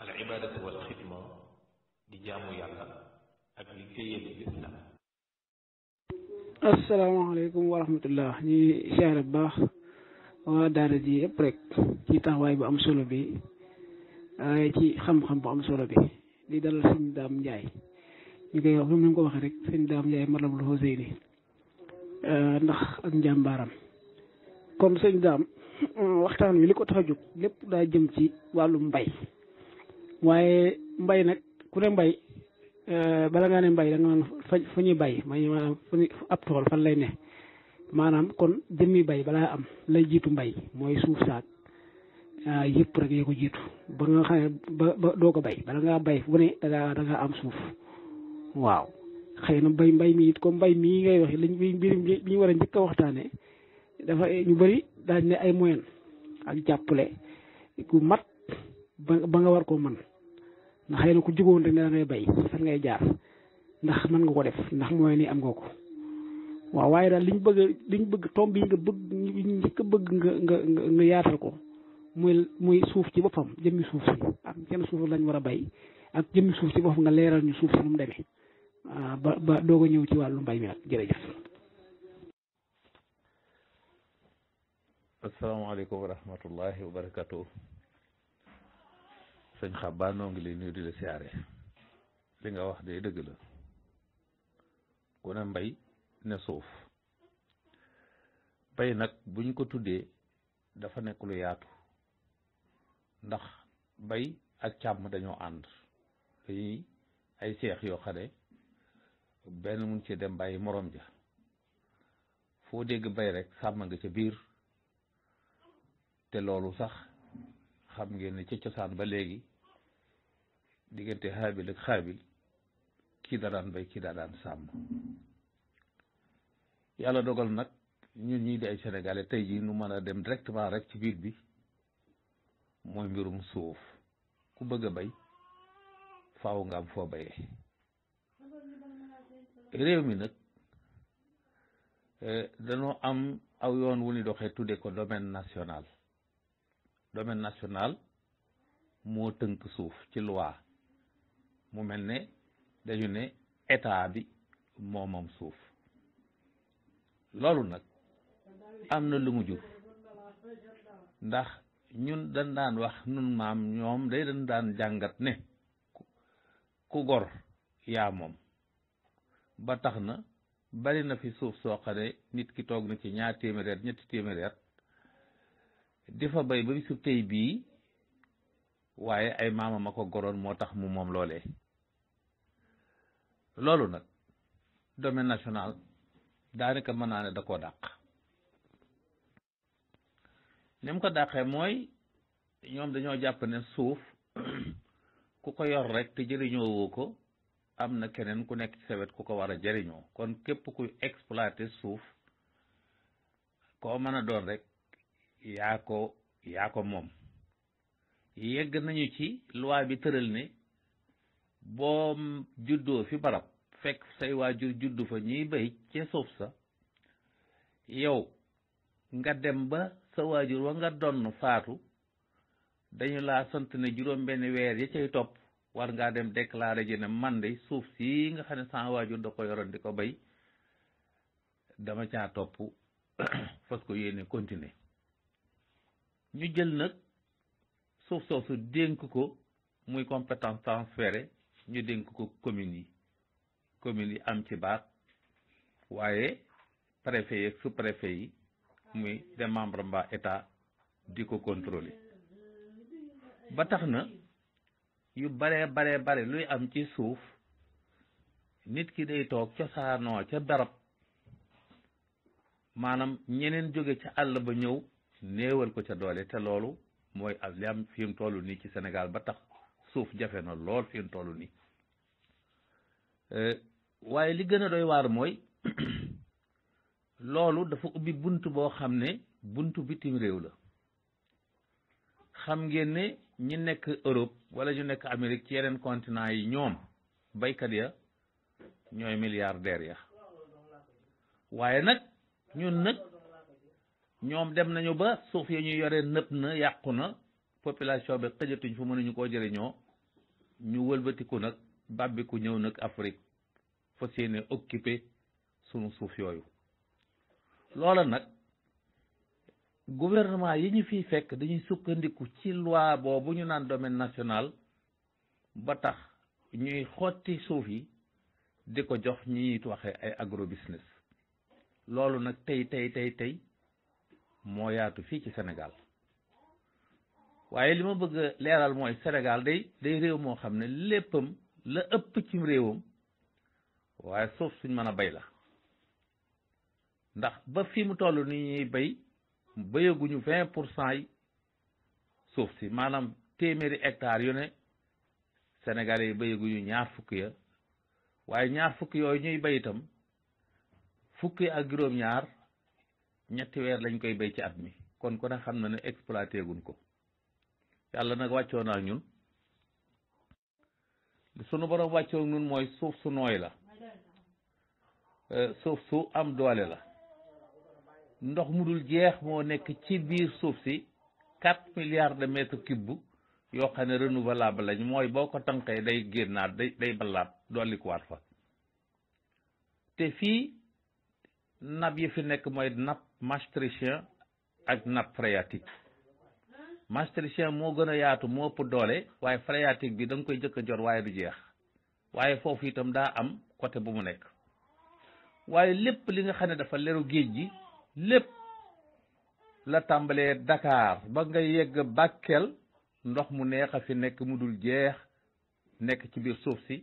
al di jaamu yàlla ak bu baax waa daara yëpp rek ci bu am solo bi waaye ci xam-xam bu am solo bi di dalal sëñ daam njaay ñu koy wax comme ni mu ko waxee rek sëñ daam njaay malam lu xosee ni eh, ndax ak njàmbaaram kon sëñ daam waxtaan wi li ko tax a jóg lépp daa jëm ci wàllum mbay waaye mbay nag ku ne mbay euh, bala ngaa ne mbay da nga naan fu bay may maanaam ab tool fan lay ne maanaam kon jëmmi bay balaa am lay jiitu mbay mooy suuf saak ah, yëpp rek yee ko jiitu ba nga xam ne doo ko bay bala ngaa bay fu ne da am suuf waaw xëy na mbay mbay mi it comme mbay mii ngay wax bi mbir mi ñu war a njëkk a waxtaane dafa ñu bëri daañ ne ay moyen ak jàppale ku mat ba nga war koo mën ndax xëy na ku jugoon rek ne da ngay bay fan ngay ndax mën nga ko def ndax mooy nii am nga ko waaw waaye daal li bëgg li ñu bëgg tomb yi nga bëgg njëkk bëgg nga nga nga yaatal ko muy muy suuf ci boppam jëmmi suuf si ak kenn suuf lañ war a bay ak jëmmi suuf si boppam nga leeral ñu suuf si nu mu deme ah, ba ba ñëw ci wàllu mbay mi ak jërëjëf. asalaamaaleykum wa rahmatullahi wa barakatuh sëñ xabaa noo ngi lay nuyu di la siyaare li nga wax de dëgg la ku ne mbay ne suuf bay nag bu buñ ko tuddee dafa nekk lu yaatu ndax bay ak càmm dañoo ànd dañuy ay seex yoo xam benn mun ci dem bàyyi moroom ja foo dégg bay rek sàmm nga ca biir te loolu sax xam ngeen ne ca cosaan ba léegi diggante xaabil ak xaabil kii da daan béy kii daa daan sàmm yàlla dogal nag ñun ñii di ay sénégalais tey jii nu mën a dem directement rek ci biir bi mooy mbirum suuf ku bëgg a bay faw nga am foo béyee réew mi nag eh, dañoo am aw yoon wu ni doxee tudde ko domaine national domaine national moo tënk suuf ci loi mu mel ne dañu ne état bi moo suuf loolu nag am na lu mu jur ndax ñun dañ daan wax nun maam ñoom day dañ daan jàngat ne ku gor yaa moom ba tax na bari na fi suuf soo xam ne nit ki toog na ci ñaar téeméeri ñetti téeméeri at di fa bay ba bisu tey bii waaye ay maamam ma ko goroon moo tax mu moom loole loolu nag domaine national daanaka mën naa ne da koo dàq nim ko dàqee mooy ñoom dañoo jàpp ne suuf ku ko yor rek te jëriñoo woo ko am na keneen ku nekk sewet ku ko wara a jëriñoo kon képp kuy exploiter suuf koo mën a doon rekk yaa ko yaa ko moom yegg nañu ci loi bi tëral ne boo juddoo fi barab fekk say waajur juddu fa ñuy béy ca suuf sa yow nga dem ba sa waajur wa nga donn faatu dañu laa sant ne juróom benn weer ya cay topp war ngaa dem déclaré ji ne man de suuf si nga xam ne sama waajur da ko yoroon di ko béy dama caa topp fas ko yéene continuer ñu jël nag suuf soosu dénk ko muy compétence transférée ñu dénk ko communes yi communes yi am ci baat waaye préfet yeeg sous préfet yi muy démembrement état di ko contrôler ba tax na yu baree baree bare luy am ci suuf nit ki day toog cosaanoo ca barab maanaam ñeneen jóge ca àll ba ñëw néewal ko ca doole te loolu mooy li am fi mu toll nii ci Sénégal ba tax suuf jafe na lool fi mu toll nii eh, waaye li gën a doy waar mooy loolu dafa ubbi bunt boo xam ne bunt bitim réew la xam ngeen ne ñi nekk Europe wala ñu nekk Amérique ci yeneen continent yi ñoom baykat ya ñooy milliardaires ya waaye nag ñun nag ñoom dem nañu ba suuf ya ñu yore nëpp na yàqu na population bi xëjatuñ fu nañu koo jëriñoo ñu wëlbatiku nag bàbbiku ñëw nag Afrique fas yéene occupé sunu suuf yooyu loola nag gouvernement yi ñu fiy fekk dañuy sukkandiku ci loi boobu ñu naan domaine national ba tax ñuy xotti suuf yi di ko jox ñu ñi waxee ay agro business loolu nag tey tey tey tey moo yaatu fii ci senegal waaye li ma bëgg leeral mooy Sénégal day day réew moo xam ne léppam la ëpp ci réewam waaye suuf suñ mën a bay la ndax ba fi mu toll ni ñuy bay bayaguñu vingt pour cent yi suuf si maanaam téeméeri hectares yu ne Sénégalais yi bayaguñu ñaar fukk ya waaye ñaar fukki yooyu ñuy bay itam fukk ak juróom-ñaar ñetti weer lañ koy bay ci at mi kon ku ne xam na ne exploité guñ ko yàlla nag wàccoo naa ñun sunu borom wàccoo ñun mooy suuf su nooy la eh, suuf su am doole la ndox mu dul jeex moo nekk ci biir suuf si quatre milliards de mètres cubes yoo xam ne renouvelable lañ mooy boo ko tànkee day génnaat day day ballaat dollikuwaat fa te fii napp yi fi nekk mooy napp maastrichtien ak napp phréatique masterchef moo gën a yaatu moo ëpp doole waaye phréatique bi da koy jëkk a waaye du jeex waaye foofu itam daa am côté bu mu nekk waaye lépp li nga xam ne dafa leru géej gi lépp la tàmbalee dakaar ba nga yegg Bakel ndox mu neex a fi nekk mu dul jeex nekk ci biir suuf si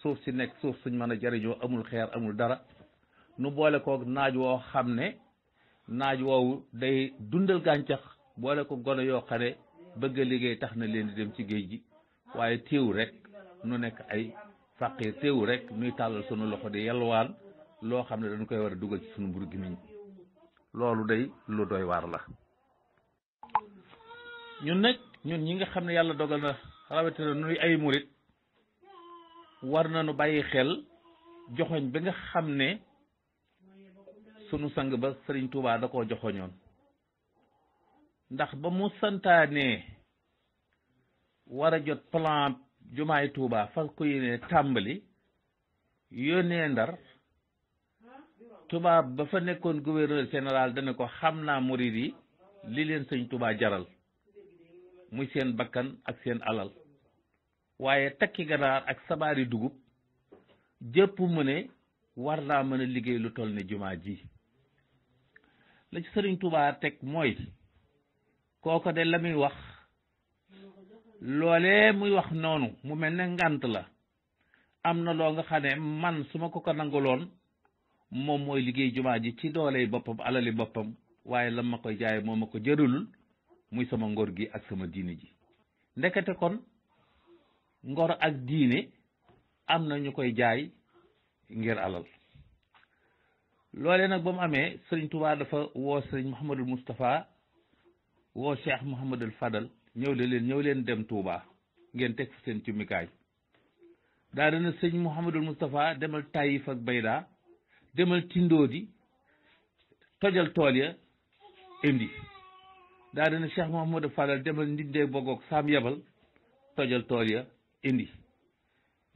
suuf si nekk suuf suñ mën a jariñoo amul xeer amul dara nu boole kook naaj woo xam ne naaj woowu day dundal gàncax boole ko gone yoo xam bëgg a liggéey tax na leen di dem ci géej gi waaye téew rek nu nekk ay fàqir téew rek nuy tàllal sunu loxo di yalwaan loo xam ne dañ koy war a dugal ci sunu mburu gi loolu day lu doy war la ñun nag ñun ñi nga xam ne yàlla dogal na rawatina nuy ay murit war na nu bàyyi xel joxoñ bi nga xam ne sunu sang ba Sëriñ Tuubaa da koo joxoñoon ndax ba mu santaanee war a jot plan jumaay Tuuba fa ko yéene tàmbali yónnee ndar tubaab ba fa nekkoon gouverneur général dana ko xam naa murid yi li leen sëñ Tuuba jaral muy seen bakkan ak seen alal waaye takki ganaar ak sabaari dugub jëpp mu ne war naa mën liggéey lu toll ne jumaa ji la ci sëriñ Tuuba teg mooy kooko de la muy wax loole muy wax noonu mu mel ne ngànt la am na loo nga xam ne man su ma ko ko nanguloon moom mooy liggéey jumaa ji ci dooley boppam alali boppam waaye la ma koy jaay moom ma ko jëralul muy sama ngor gi ak sama diine ji ndekete kon ngor ak diini am na ñu koy jaay ngir alal loole nag ba mu amee sëriñ Tuubaa dafa woo sëriñ Mouhamadul Moustapha woo Cheikh Mouhamadul Fadal ñëw la leen ñëw leen dem Touba ngeen teg fa seen cumikaay daa dana sëñ Mouhamadul Moustapha demal Taïf ak Bayda demal Tindoodi tojal tool ya indi daa dana Cheikh Mouhamadul Fadal demal Ndindee Bogoog Saam Yabal tojal tool ya indi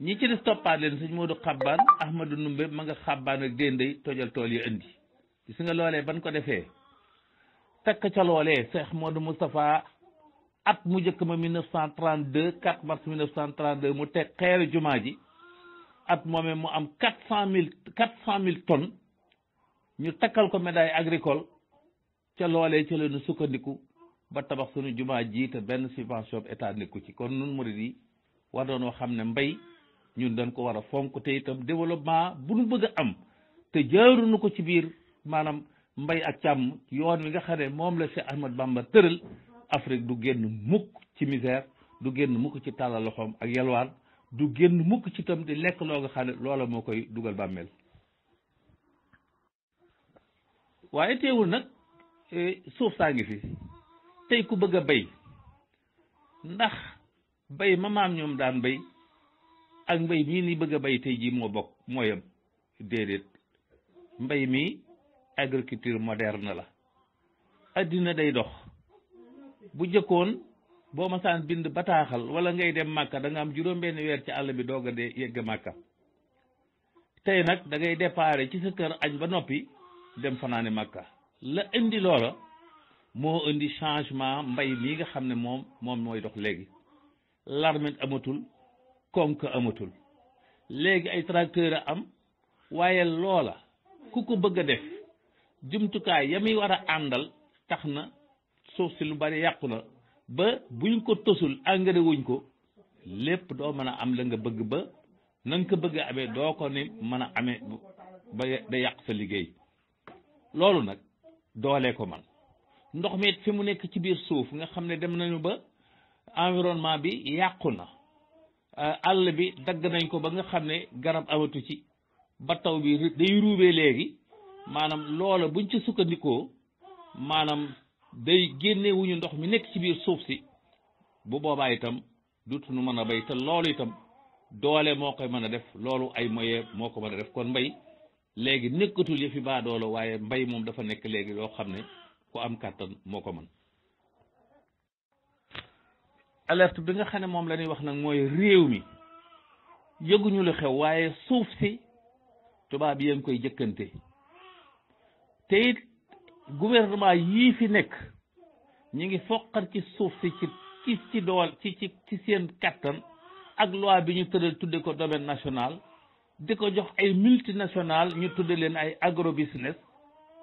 ñi ci des toppaat leen sëñ Modou Xabbaan Ahmadou Numbe ma nga Xabbaan ak Déndey tojal tool ya indi gis nga loolee ban ko defee fekk ca loolee Cheikh Modou Moustapha at mu njëkk ma 1932 4 mars 1932 mu teg xeeru jumaa ji at moomee mu am 400000 mille tonnes ñu takkal ko médaille agricole ca loolee ca sukkandiku ba tabax sunu jumaa ji te benn subvention état nekku ci kon nun murid yi war doon xam ne mbay ñun dañ ko war a fonk te itam développement bu nu bëgg a am te jaaruñu ko ci biir maanaam mbay ak càmm yoon wi nga xam ne moom la Cheikh Ahmad Bamba tëral Afrique du génn mukk ci misère du génn mukk ci tàllal loxoom ak yalwaan du génn mukk ci tam di lekk loo nga xam ne loola moo koy dugal bàmmeel waaye teewul nag e, suuf saa ngi fi tey ku bëgg a bay ndax bay ma maam ñoom daan bay ak mbay mii ni bëgg a bay tey jii moo bokk mooyam déedéet mbay mii agriculture moderne la addina day dox bu jëkkoon boo masaan bind bataaxal wala ngay dem màkka danga am juróom-benn weer ci àll bi doog de dee màkka tey nag dangay ngay déparé ci sa kër añ ba noppi dem fanaani màkka la indi loola moo indi changement mbay mii nga xam ne moom moom mooy dox léegi larmet amatul konk amatul léegi ay tracteur a am waaye loola ku ko bëgg a def jumtukaay ya war a àndal tax na suuf si lu bari yàqu na ba bu buñ ko tosul engrais wuñ ko lépp doo mën a am la nga bëgg ba na ko bëgg a amee doo ko ni mën a amee ba da yàq sa liggéey loolu nag doole ko man ndox mi fi mu nekk ci biir suuf nga xam ne dem nañu ba environnement bi yàqu na euh, àll bi dagg nañ ko ba nga xam ne garab amatu ci ba taw bi day ruubee léegi maanaam loola buñ ci sukkandikoo maanaam day génne ndox mi nekk ci biir suuf si bu boobaa itam nu mën a béy te loolu itam doole moo koy mën a def loolu ay moyee moo ko mën a def kon mbay léegi nekkatul yëfi baadoola waaye mbay moom dafa nekk léegi loo xam ne ku am kàttan moo ko mën alerte bi nga xam ne moom la ñuy wax nag mooy réew mi yëguñu lu xew waaye suuf si tubaab yéen koy jëkkante te it yii fi nekk ñu ngi foqar ci suuf si ci ci ci dool ci ci seen kattan ak loi bi ñu tëral tudde ko domaine national di ko jox ay multinational ñu tudde leen ay agro business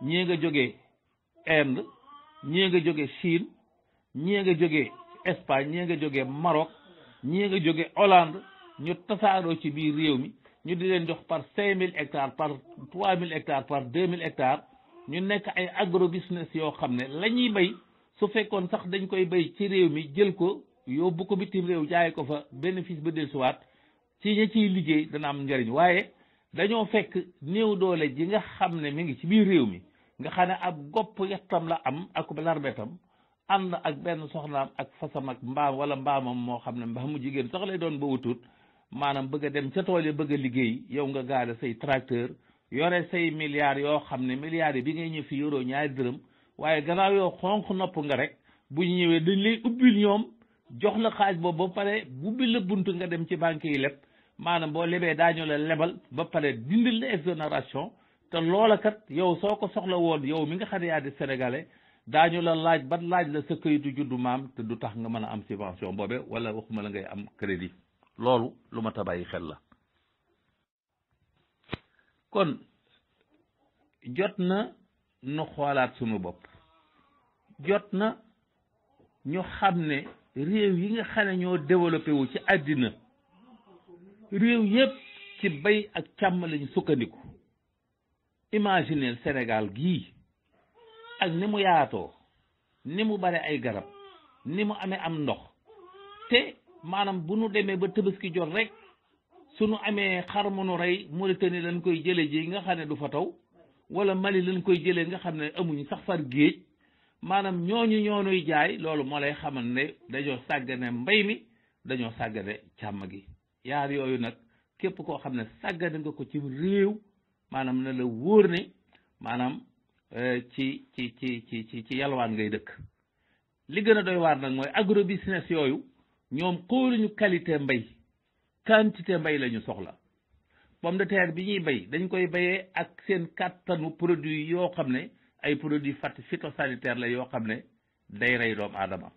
ñii nga jógee Inde ñii nga jóge Chine ñii nga jóge Espagne ñii nga jóge Maroc ñii nga jóge Hollande ñu tasaaroo ci biir réew mi ñu di leen jox par cinq mille hectares par trois mille hectares par deux mille hectares ñu nekk ay agro business yoo xam ne la ñuy bay su fekkoon sax dañ koy bay ci réew mi jël ko yóbbu ko bitim réew jaaye ko fa bénéfice ba dellusiwaat ci ña ciy liggéey dana am njariñ waaye dañoo fekk néew doole ji nga xam ne mu ngi ci biir réew mi nga xam ne ab gopp yettam la am ak larbetam ànd ak benn soxnaam ak fasam ak mbaam wala mbaamam moo xam ne mu jigéen sax lay doon ba wutut maanaam bëgg a dem ca tool yi bëgg a liggéey yow nga gaale say tracteur yore say milliards yoo xam ne milliards yi bi ngay ñëw fi yoroo ñaari dërëm waaye gannaaw yoo xonq nopp nga rek bu ñu ñëwee dañ lay ubbil ñoom jox la xaaj boobu ba pare ubbi la bunt nga dem ci banque yi leb maanaam boo lebee daañu la lebal ba pare dindil la exonération te loola kat yow soo ko soxla woon yow mi nga xam ne yaa di sénégalais daañu la laaj ban laaj la sa këyitu juddu maam te du tax nga mën a am subvention boobe wala waxuma la ngay am crédit loolu lu ma ta bàyyi xel la kon jot na nu xoolaat sunu bopp jot na ñu xam ne réew yi nga xam ñoo développé wu ci àddina réew yépp ci bay ak càmm lañu sukkandiku imagineel Sénégal gii ak ni mu yaatoo ni mu bare ay garab ni mu amee am ndox te maanaam bu nu demee ba tëbaski jot rek su nu amee xar mu nu rey Mauritanie lañ koy jëlee ji nga xam ne du fa taw wala Mali lañ koy jëlee nga xam ne amuñu sax far géej maanaam ñooñu ñoonuy jaay loolu moo lay xamal ne dañoo sàggane mbay mi dañoo sàggane càmm gi yaar yooyu nag képp koo xam ne sàggane nga ko ci réew maanaam na la wóor ne maanaam euh, ci ci ci ci ci ci yalwaan ngay dëkk li gën a doy waar nag mooy agro business yooyu ñoom xooluñu qualité mbay quantité mbay la ñu soxla pomme de terre bi ñuy bay dañ koy bayee ak seen kàttanu produit yoo xam ne ay produit fat phytosanitaire la yoo xam ne day rey doomu aadama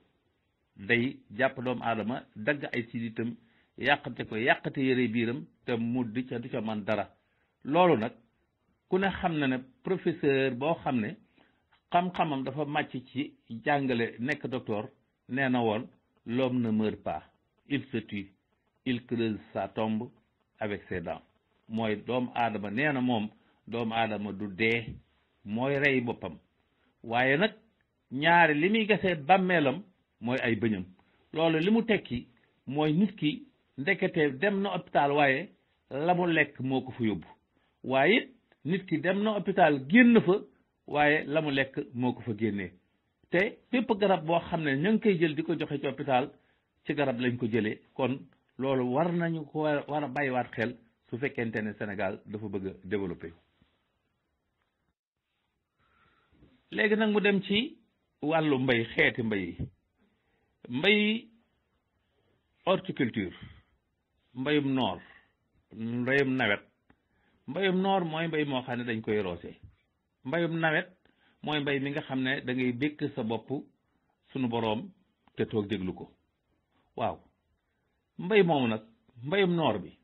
day jàpp doomu aadama dagg ay siditam yàqate ko yàqate yëre biiram te mu di ca du ca man dara loolu nag ku ne xam na ne professeur boo xam ne xam-xamam dafa màcc ci jàngale nekk docteur nee na woon l'homme ne meurt pas il se tue il sa tomb avec ses mooy doomu aadama nee na moom doomu aadama du dee mooy rey boppam waaye nag ñaari li muy gasee bàmmeelam mooy ay bëñam loolu li mu tekki mooy nit ki ndekete dem na hôpital waaye la mu lekk moo ko fa yóbbu waaye nit ki dem na hôpital génn fa waaye la mu lekk moo ko fa génnee te bépp garab boo xam ne ña ngi koy jël di ko joxe ci hôpital ci garab lañ ko jëlee kon loolu war nañu ko war a bàyyiwaat xel su fekkente ne Sénégal dafa bëgg a léegi nag mu dem ci wàllu mbay xeeti mbay yi mbay horticulture mbayum noor mbayum nawet mbayum noor mooy mbay moo xam ne dañ koy roose mbayum nawet mooy mbay mi nga xam ne dangay ngay sa bopp sunu boroom te toog déglu ko waaw mbay moomu nag mbayum noor bi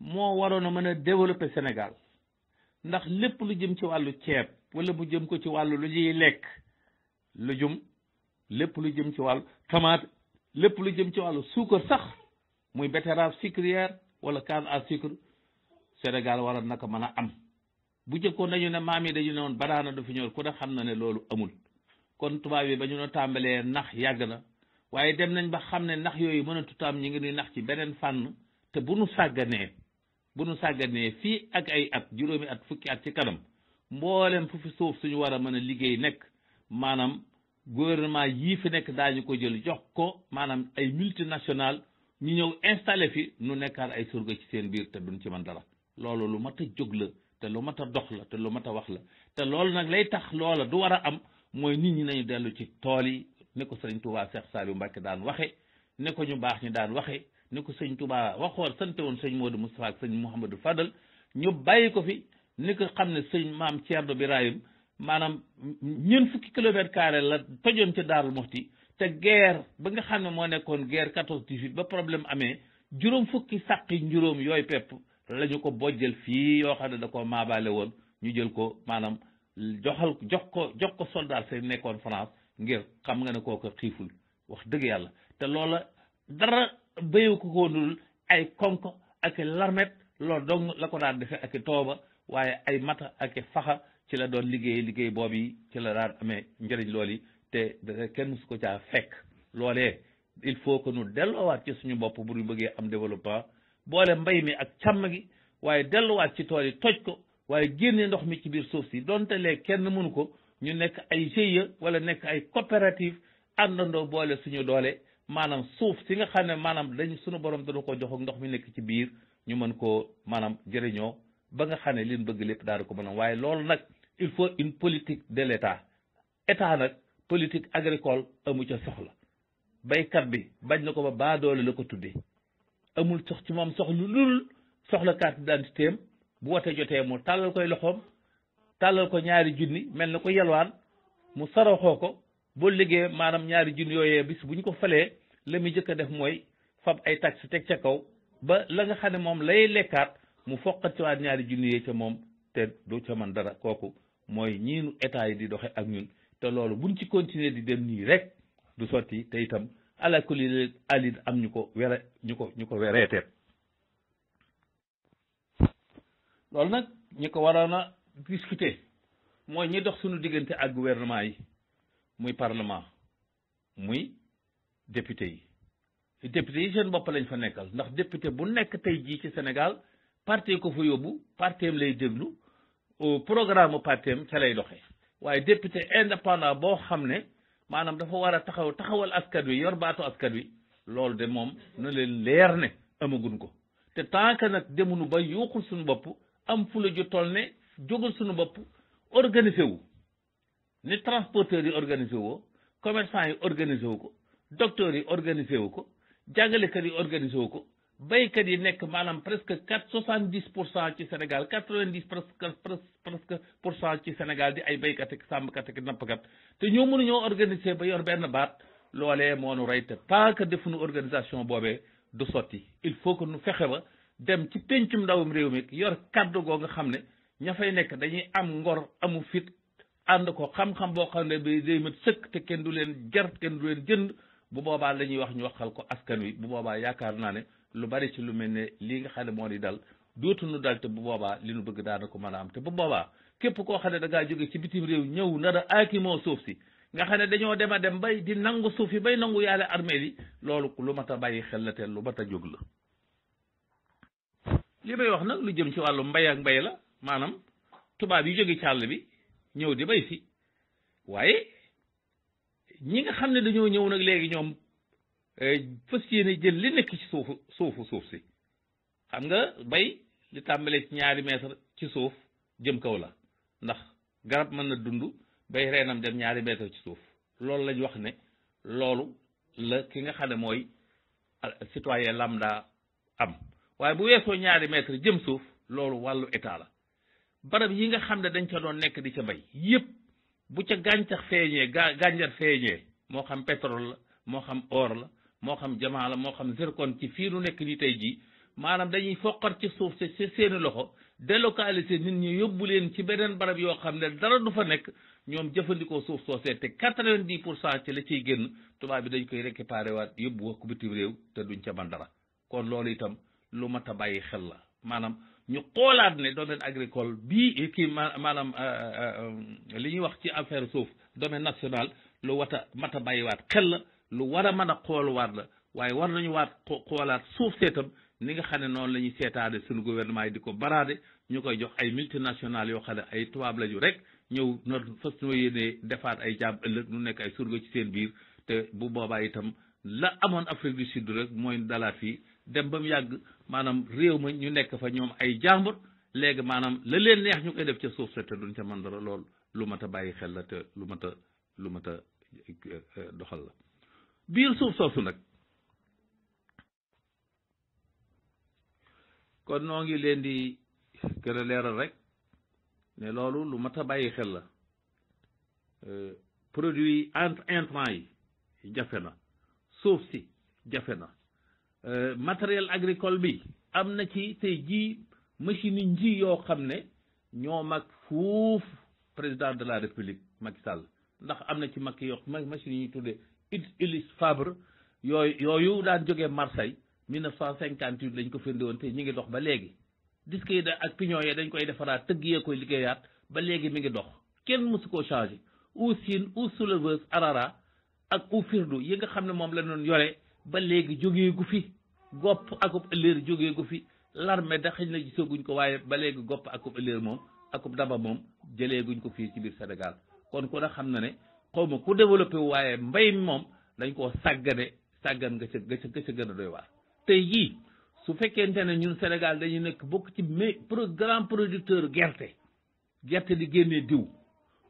moo waroon a mën a développer Sénégal ndax lépp lu jëm ci wàllu ceeb wala mu jëm ko ci wàllu lu ñuy lekk lu jum lépp lu jëm ci wàllu tomate lépp lu jëm ci wàllu suukar sax muy betterave sucrière wala canne à sucre Sénégal waroon naka mën a am bu jëkkoon dañu ne maam yi dañu ne woon banaana du fi ñor ku ne xam na ne loolu amul kon tubaab yi ba ñu no tàmbalee nax yàgg na waaye dem nañ ba xam ne ndax yooyu mënatutaam ñi ngi nuy nax ci beneen fànn te bu nu sàgganee bu nu sàgganee fii ak ay at juróomi at fukki at ci kanam mboolem fu fi suuf su ñu war a mën a liggéey nekk maanaam gouvernement yii fi nekk ñu ko jël jox ko maanaam ay multinational ñu ñëw installé fi nu nekkaat ay surga ci seen biir te duñ ci man dara loolu lu mat a jóg la te lu mat a dox la te lu mat a wax la te loolu nag lay tax loola du war a am mooy nit ñi nañu dellu yi ne ko sëriñ Touba Cheikh Saliou Mbacke daan waxe ne ko ñu baax ñu daan waxe ne ko sëñ Touba waxoon sante woon sëñ Modou Moustapha ak sëñ Mouhamadou Fadal ñu bàyyi ko fi ni ko xam ne sëñ maam Thierno Birahim maanaam ñeent fukki kilomètre carré la tojoon ca Daarul Muxti te guerre ba nga xam ne moo nekkoon guerre quatorze dix-huit ba problème amee juróom fukki sàqi njuróom yooyu pepp la ñu ko bojjal fii yoo xam ne da ko maabaale woon ñu jël ko maanaam joxal jox ko jox ko soldat seen nekkoon France ngir xam nga ne koo ko xiiful wax dëgg yàlla te loola dara béyu ko ko ay konko ak larmet loolu dong la ko daan defe ak tooba waaye ay mata ak faxa ci la doon liggéey liggéey boob yi ci la daan amee njëriñ lool yi te kenn su ko caa fekk loolee il faut que nu delloowaat ci suñu bopp bu ñu bëggee am développement boole mbay mi ak càmm gi waaye delluwaat ci tool yi toj ko waaye génne ndox mi ci biir suuf si donte lee kenn mënu ko ñu nekk ay GIE walla nekk ay coopérative àndandoo boole suñu doole maanaam suuf si nga xam ne maanaam dañ suñu borom dana ko jox ndox mi nekk ci biir ñu mën koo maanaam jëriñoo ba nga xam ne liñ bëgg lépp daal ko mën a waaye loolu nag il faut une politique de l'état état nag politique agricole amu ca soxla baykat bi bañ na ko ba baa doole la ko tuddee amul sox ci moom soxlu lul soxla carte d'identité am bu wote jotee mu tàllal koy loxoom tàllal ko ñaari junni mel na ko yelwaan mu saraxoo ko boo liggéey maanaam ñaari junni yooyee bis bu ñu ko falee la muy jëkk a def mooy fab ay taxe teg ca kaw ba la nga xam ne moom lay lekkaat mu foqat ci ñaari junni yee ca moom te du ca man dara kooku mooy ñiinu état yi di doxe ak ñun te loolu buñ ci continuer di dem nii rek du sotti te itam ala kulli alin am ñu ko were ñu ko ñu ko wereeteet loolu nag ñi ko waroon discuter mooy ñi dox suñu diggante ak gouvernement yi muy parlement muy député yi député yi seen bopp lañ fa nekkal ndax député bu nekk tey jii ci Sénégal parti ko fa yóbbu partem lay déglu programme partem ca lay doxee waaye député indépendant boo xam ne maanaam dafa war a taxaw taxawal askan wi yor baatu askan wi loolu de moom na leen leer ne amagun ko te tant nag demunu ba yuuxul suñu bopp am fu ju toll ne jógal suñu bopp organiser wu ni transporteurs yi organiser woo commerçant yi organiser wu ko docteurs yi organiser wu ko jàngalekat yi organiser wu ko baykat yi nekk maanaam presque quatre soixante dix pour cent ci Sénégal quatre vingt dix presque presque pour cent ci Sénégal di ay béykat ak sàmmkat ak nappkat te ñoo mënuñoo organiser ba yor benn baat loole moo nu rey te tant que organisation boobee du sotti il faut que nu fexe ba dem ci pencum ndawum réew mi yor kàddu goo nga xam ne. ña fay nekk dañuy am ngor amu fit ànd ko xam boo xam ne bi day mat sëkk te kenn du leen jar kenn du leen bu boobaa la ñuy ñu waxal ko askan wi bu boobaa yaakaar naa ne lu bari ci lu mel ne lii nga xam ne moo di dal dootu nu bu boobaa li nu bëgg daana ko mën a am te bu boobaa képp koo xam ne da ngaa jóge ci bitim réew ñëw ndara a aakimoo suuf si nga xam ne dañoo dem a dem bay di nangu suuf yi bay nangu yàlla armeel yi loolu lu mat a bàyyi xel la te lu mat a jóg la. li may wax nag lu jëm ci wàllu mbay ak mbay la maanaam tubaab yi jóge ci bi ñëw di bay si waaye ñi nga xam ne dañoo ñëw nag léegi ñoom eh, fas yéene jël li nekk ci suufu suufu suuf si xam nga bay li tàmbalee ñaari mètre ci suuf jëm kaw la ndax garab mën na dund bay reenam dem ñaari mètre ci suuf loolu lañ wax ne loolu la ki nga xam ne mooy citoyen lambda am waaye bu weesoo ñaari mètre jëm suuf loolu wàllu état la barab yi nga xam ne dañ ca doon nekk di ca bay yëpp bu ca gàncax feeñee ga gànjar feeñee moo xam pétrole la moo xam or la moo xam jamaa la moo xam zircon ci fii nu nekk nii tey jii maanaam dañuy foqar ci suuf si si seeni loxo délocaliser nit ñi yóbbu leen ci beneen barab yoo xam ne dara du fa nekk ñoom jëfandikoo suuf soosee te quatre-vingt-dix pour cent ci la ciy génn tubaab bi dañ koy récupéré waat yóbbu wax ko bitim réew te duñ ca man dara kon loolu itam lu mat a bàyyi xel la maanaam ñu xoolaat ne domaine agricole bii kii maanaam euh, euh, euh, li ñuy wax ci affaire suuf domaine national lu wat a mat a bàyyiwaat xel la lu war a mën a xooluwaat la waaye war nañu waat xoolaat suuf seetam ni nga xam ne noonu la ñuy seetaade suñu gouvernement yi di ko baraade ñu koy jox ay multinationales yoo xam ne ay tubaab lañu rek ñëw not fas noo yéenee defaat ay jaam ëllëg nu nekk ay surga ci seen biir te bu boobaa itam la amoon Afrique du Sud rek mooy dalaat fii dem ba mu yàgg maanaam réew ma ñu nekk fa ñoom ay jàmbur léegi maanaam la leen neex ñu koy def ca suuf sa te duñ ca mën lool lu mat a bàyyi xel la te lu mat a lu mat a euh, doxal la biir suuf soosu nag kon noo ngi leen di gën leeral rek ne loolu lu mat a bàyyi xel la euh, produits entre intrants yi jafe na suuf si jafe na Euh, matériel agricole bi am na ci tey jii machine yi nji yoo xam ne ñoo mag fuuf président de la république Macky Sall ndax am na ci makki yoo machine yi ñuy tuddee Ulysse Fabre yooyu yooyu daan jógee Marseille 1958 dañ ko firndi woon te ñu ngi dox ba léegi disque yi ak pignon yi dañ koy defaraat tëgg yee koy liggéeyaat ba léegi mi ngi dox kenn mësu koo changé ou siin ou souleveuse arara ak ou firdu yi nga xam ne moom la doon yore ba léegi jógee gu fi gopp akub ëllëer jógee gu fi larme da xëy na gisaguñ ko waaye ba léegi gopp akub ëllëer moom akub daba moom jëlee guñ ko fii ci biir Sénégal kon ku ne xam na ne xaw ma ku développé waaye mbay moom dañ koo sàggane sàggan nga ca nga gën a doy waar tey jii su fekkente ne ñun Sénégal dañu nekk bokk ci mais grand producteur gerte gerte di génnee diw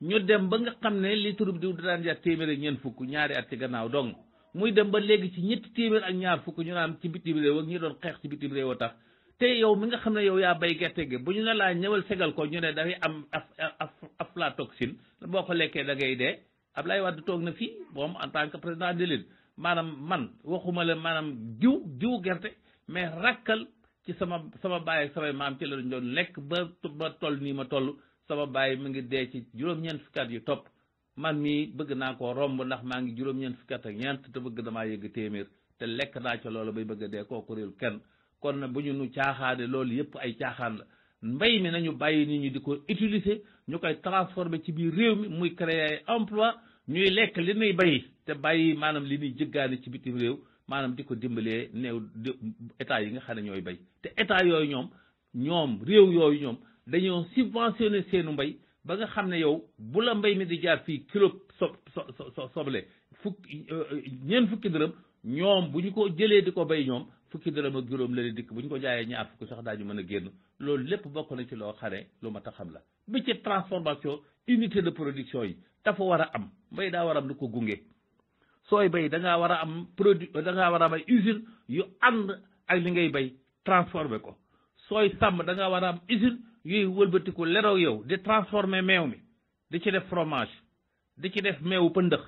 ñu dem ba nga xam ne li turub diw daan jar téeméer ak ñeent fukk ñaari at ci gannaaw dong muy dem ba léegi ci ñetti téeméer ak ñaar fukk ñu naan ci bitim réew ak ñi doon xeex ci bitim réew tax te yow mi nga xam ne yow yaa bay gerte gi bu ñu ne laa ñëwal segal ko ñu ne dafay am aflatoxine boo ko lekkee da ngay dee Ablaye Wade toog na fii moom en tant que président de l'île maanaam man waxuma la maanaam jiw jiw gerte mais rakkal ci sama sama baay ak samay maam ci la doon lekk ba ba toll nii ma toll sama baay mu ngi dee ci juróom yu topp man mii bëgg naa koo romb ndax maa ngi juróom-ñeent fukki at ak ñeent te bëgg damaa yëgg téeméer te lekk naa ca loola bay bëgg a dee kooku réel kenn kon na bu ñu nu caaxaane loolu yëpp ay caaxaan la mbay mi nañu bàyyi nit ñi di ko utiliser ñu koy transformer ci biir réew mi muy créer emploi ñuy lekk li nuy bay te bàyyi maanaam li nuy jëggaane ci bitim réew maanaam di ko dimbalee néew état yi nga xam ne ñooy bay te état yooyu ñoom ñoom réew yooyu ñoom ba nga xam ne yow bu la mbay mi di jaar fii kilo so so soble fukki euh, ñeent fukki dërëm ñoom bu ñu ko jëlee di ko bay ñoom fukki dërëm ak juróom la dikk bu ñu ko jaayee ñaar fukki sax daa daañu mën a génn loolu lépp bokk na ci loo xare lu mat a xam la bi ci transformation unité de production yi dafa war a am mbay daa war a am lu ko gunge sooy bay da war a am produit da war a am ay usine yu ànd ak li ngay bay transformé ko sooy sàmm da war a am usine yooyu wëlbatiku leroog yow di transformer meew mi di ci def fromage di ci def meewu pëndëx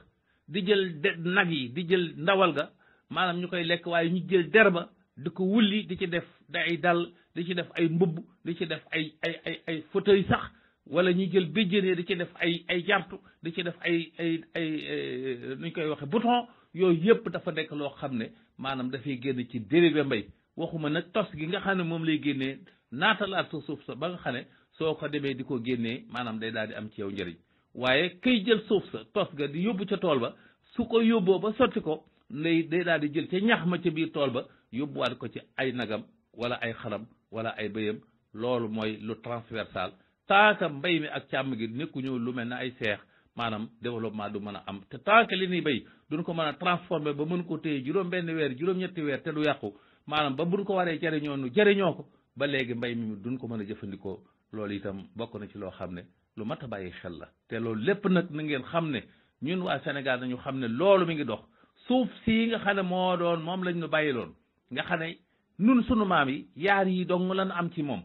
di jël de nag yi di jël ndawal ga maanaam ñu koy lekk waaye ñu jël ba di ko wulli di ci def ay dal di ci def ay mbubb di ci def ay ay ay ay fauteuil sax wala ñu jël béjjénee di ci def ay ay jartu di ci def ay ay ay euh, nuñ koy waxee bouton yooyu yëpp dafa nekk loo xam ne maanaam dafay génn ci dérivé mbay waxuma nag tos gi nga xam ne moom lay génnee naatalaat suuf suuf sa ba nga xam ne soo ko demee di ko génnee maanaam day daal di am ci yow njëriñ waaye kay jël suuf sa tos ga di yóbbu ca tool ba su ko yóbboo ba sotti ko lay day daal di jël ca ñax ma ca biir tool ba yóbbuwaat ko ci ay nagam wala ay xaram wala ay bëyam loolu mooy lu transversal tant que mbay mi ak càmm gi ñëw lu mel ne ay seex maanaam développement du mën a am te tant que li ñuy béy duñ ko mën a transformer ba mën ko téye juróom benn weer juróom-ñetti yàqu maanaam ba buñ ko waree jëriñoo nu jëriñoo ko ba léegi mbay mi duñ ko mën a jëfandikoo loolu itam bokk na ci loo xam ne lu mat a bàyyi xel la te loolu lépp nag na ngeen xam ne ñun waa Sénégal nañu xam ne loolu mi ngi dox suuf sii nga xam ne moo doon moom lañ bàyyi bàyyiloon nga xam ne nun suñu maam yi yaar yi dong lan am ci moom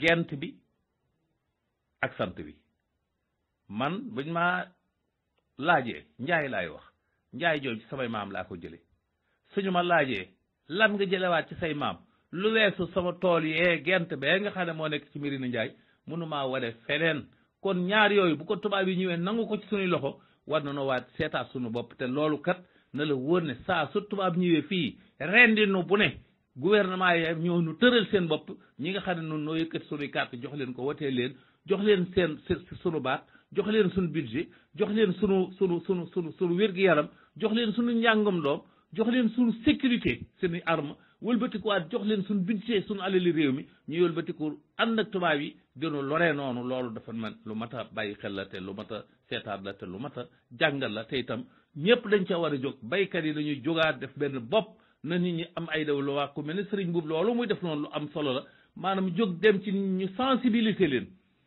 gent bi ak sant bi man buñ ma laajee njaay laay wax njaay jooju ci samay maam laa ko jële suñu ma laajee lan nga jëlewaat ci say maam lu weesu sama tool yee gent bee nga xam ne moo nekk ci Mirina Ndiaye mënumaa wane feneen kon ñaar yooyu bu ko tubaab yi ñëwee nangu ko ci suñuy loxo war na noo waat seetaat suñu bopp te loolu kat na la woon ne saa su tubaab ñëwee fii rendi nu bu ne gouvernement yi ñoo nu tëral seen bopp ñi nga xam ne noonu noo yëkkati suñuy carte jox leen ko watee leen jox leen seen sunu baat jox leen suñu budget jox leen sunu sunu sunu sunu sunu wér-gi-yaram jox leen sunu njàngam doom jox leen suñu sécurité seen i arme wëlbatikuwaat jox leen suñu budget suñu alali réew mi ñu wëlbatiku ànd ak tubaab yi dinu loree noonu loolu dafa man lu mat a bàyyi xel la te lu mat a seetaat la te lu mat a jàngal la te itam ñëpp dañ ca war a jóg baykat yi dañuy jógaat def benn bopp na nit ñi am ay daw lu waa ku mel ne sëriñ boobu loolu muy def noonu lu am solo la maanaam jóg dem ci ñu sensibiliser leen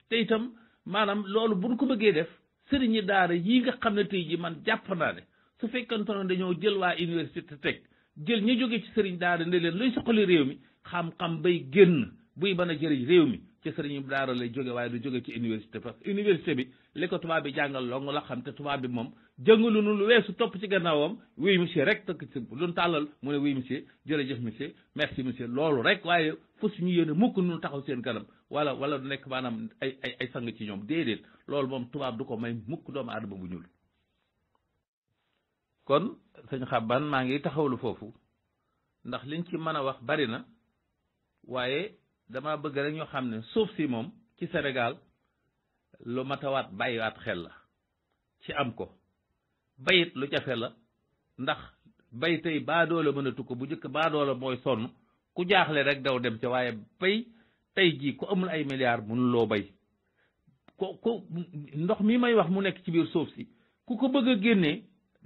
te itam maanaam loolu buñ ko bëggee def sëriñi daara yii nga xam ne tey ji man jàpp naa ne fekkante fekkantoon dañoo jël waa université teg jël ñu jóge ci sëriñ daara ne leen luy soxali réew mi xam-xam bay génn buy mën a jëriñ réew mi ci sëriñ daara lay jóge waaye du jóge ci université parce que université bi li ko tubaab bi jàngal longu la xam te tubaab bi moom jàngalu nu lu weesu topp ci gannaawam oui monsieur rek tëkk ci lu nu tàllal mu ne oui monsieur jërëjëf monsieur merci monsieur loolu rek waaye fu ñu yéene mukk nu taxaw seen ganam wala wala du nekk maanaam ay ay ci ñoom déedéet loolu moom tubaab du ko may mukk doomu aadama bu ñuul kon sëñ xabban maa ngi taxawlu foofu ndax liñ ci mën a wax bari na waaye damaa bëgg rek ñoo xam ne suuf si moom ci Sénégal lu matawaat bàyyiwaat xel la ci am ko bayit lu jafe la ndax bay tey baadoola mënatu ko bu njëkk baadoola mooy sonn ku jaaxle rek daw dem ca waaye bay tey jii ku amul ay milliards mënuloo bay ko ko ndox mi may wax mu nekk ci biir suuf si ku ko bëgg a génnee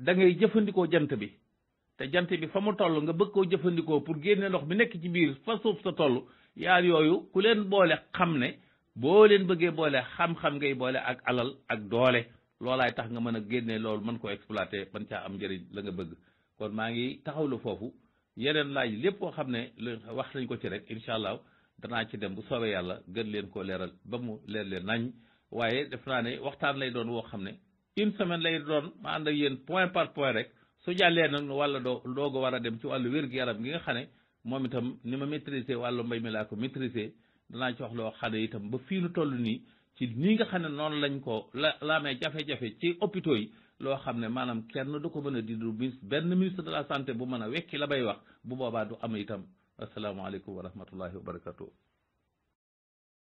da ngay jëfandikoo jant bi te jant bi fa mu toll nga bëgg koo jëfandikoo pour génne ndox bi nekk ci biir fa suuf sa toll yaar yooyu ku leen boole xam ne boo leen bëggee boole xam-xam ngay boole ak alal ak doole loolaay tax nga mën a génne loolu mën koo exploiter mën caa am njëriñ la nga bëgg kon maa ngi taxaw taxawlu foofu yeneen laaj lépp koo xam ne lu wax nañ ko ci rek incha allah danaa ci dem bu soobee yàlla gën leen koo leeral ba mu leer leen nañ waaye def naa ne waxtaan lay doon woo xam ne une semaine lay doon ma ànd ak yéen point par point rek su jàllee nag nu wàlla doo doog a war a dem ci wàllu wér-gu-yaram gi nga xam ne moom itam ni ma maîtriser wàllu mbay mi laa ko maîtriser danaa ci wax loo xam ne itam ba fii nu toll nii ci nii nga xam ne noonu lañ ko la laamee jafe-jafe ci hôpitaux yi loo xam ne maanaam kenn du ko mën a di du benn ministre de la santé bu mën a wekki la bay wax bu boobaa du am itam asalaamaaleykum wa rahmatullahi wa barakatuh